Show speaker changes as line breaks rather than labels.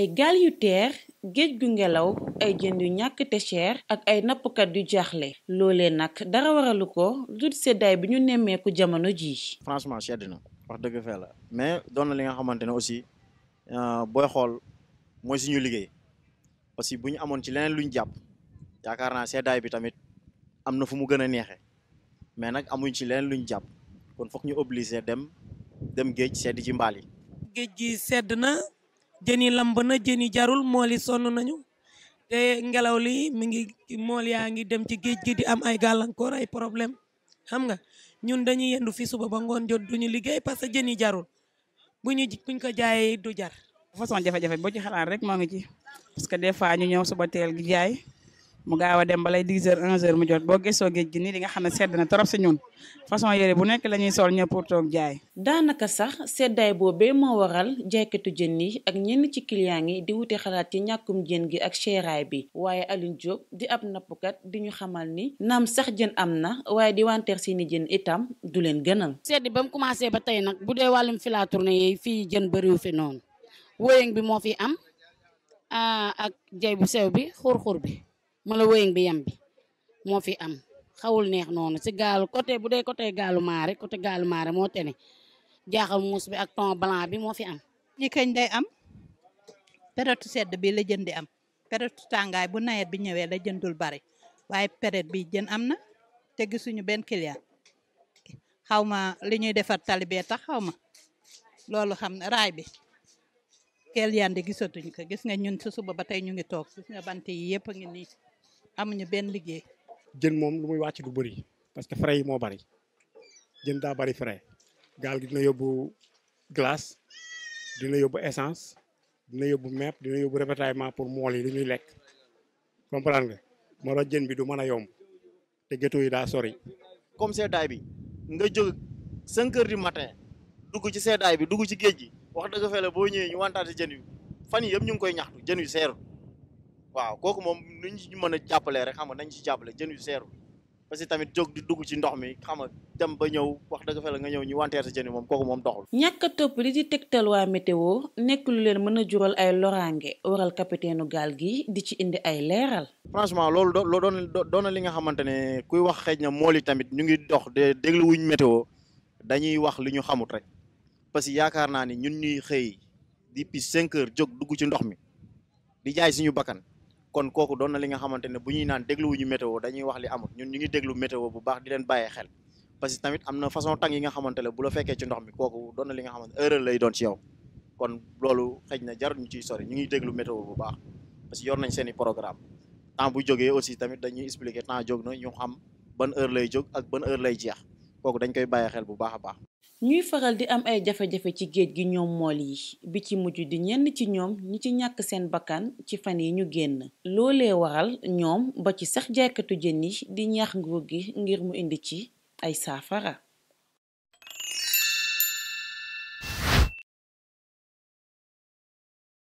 ay gaal yu teer géej gu ngelaw ay jën yu ñàkk te cher ak ay nappkat yu jaaxle loolee nag dara waralu ko dut seddaay bi ñu nemmeeku jamono jii. franchement sedd na wax dëgg fee
la mais doon na li nga xamante ne aussi euh, booy xool mooy suñu liggéey parce que bu ñu amoon ci leneen lu ñu jàpp yaakaar naa seddaay bi tamit am na fu mu gën a neexe mais nag amuñ ci leneen luñ jàpp kon foog ñu obligé dem dem géej sedd ci mbaal yi.
géej gi sedd na. jën yi lamb na jën yi jarul mool sonn nañu te ngelaw li mi ngi mool yaa ngi dem ci géej gi di am ay gàllankoor ay problème xam nga ñun dañuy yendu fi suba ba ngoon jot ñu liggéey parce que jën yi jarul bu ñu buñ ko jaayee du jar façon jafe-jafe boo ci xalaat rek moo ngi ci parce que des fois ñu ñëw suba teel gi jaay mu gaaw a dem balay 10 heures 11 heures mu jot boo gisoo géej gi nii di nga xam ne sedd na trop si ñun façon yere bu nekk la ñuy sol ñëpp pour toog jaay. daanaka sax seddaay boobee moo waral jaaykatu jën yi ak ñenn ci client yi di wute xalaat ci ñàkkum jën gi ak seeraay bi waaye Alioune Diop di ab nappkat di ñu xamal ni naam sax jën am na waaye di wanteer seeni jën itam du leen gënal. sedd ba mu commencé ba tey nag bu dee wàllum filaturne yi fii jën bëriwu fi noonu bi moo fi am ah, ak jay sew bi xur bi. mala wëyëng bi yam bi moo fi am xawul neex noonu si gaalu côté bu dee côté gaalu maare côté gaalu maare moo tene jaaxal muus bi ak thon blanc bi moo fi am. ñi kañ day am période sedd bi la jën am période tàngaay bu nawet bi ñëwee la jën bari waaye période bi jën am na te gisuñu benn client xawma li ñuy defar talibee tax xaw ma loolu xam ne raay bi client di gisatuñ ko gis nga ñun si suba ba tey ñu ngi toog gis nga bant yi yëpp a ngi nii. am amuñu benn liggéey.
jën moom lu muy wàcc du bëri parce que frais yi moo bari jën daa bari frais gaal gi dina yóbbu glace dina yóbbu essance dina yóbbu mepp dina yóbbu ravitaillement pour mool yi li lekk comprendre nga moo tax jën bi du mën a yomb te ghetto yi daa sori. comme seddaay bi nga jóg 5 heures du matin dugg ci seddaay bi dugg ci géej gi wax dëgg fee la boo ñëwee ñu wantaate jën yu fan yi yëpp ñu ngi koy ñaxtu jën yu seeru waaw kooku moom nu ñu mën a jàppale rek xam nga nañ ci jàppale jën yu seeru parce que tamit jóg di dugg ci ndox mi xam nga dem ba ñëw wax dëgg fa nga ñëw ñu wanteer sa jën yi moom kooku moom doxul.
ñàkk a topp li di tegtal waa météo nekk lu leen mën a jural ay loraange waral kapiteenu gaal gi di ci indi ay leeral.
franchement loolu doo doon li nga xamante ne kuy wax xëy na mool yi tamit ñu ngi dox de dégluwuñ météo dañuy wax li ñu xamut rek parce que yaakaar naa ni ñun ñuy xëy depuis cinq jóg dugg ci ndox mi di jaay suñu bakkan kon kooku doon na li nga xamante ne bu ñuy naan dégluwuñu météo dañuy wax li amul ñun ñu ngi déglu météo bu baax di leen bàyyee xel parce que tamit am na façon tàng yi nga xamante ne bu la fekkee ci ndox mi kooku doon na li nga xamante ne erreur lay doon ci yow kon loolu xëj na jarul ñu ciy sori ñu ngi déglu météo bu baax parce que yor nañ seen i programme temps bu jógee aussi tamit dañuy expliqué temps jóg na ñu xam ban heure lay jóg ak ban heure lay jeex kooku dañ koy bàyyi xel bu baax a baax.
ñuy faral di am ay jafe-jafe ci géej gi ñoom mool yi bi ci mujj di ñenn ci ñoom ñu ci ñàkk seen bakkan ci fan yi ñu génn loolee waral ñoom ba ci sax jaaykatu jën yi di ñaax nguur gi ngir mu indi ci ay saafara.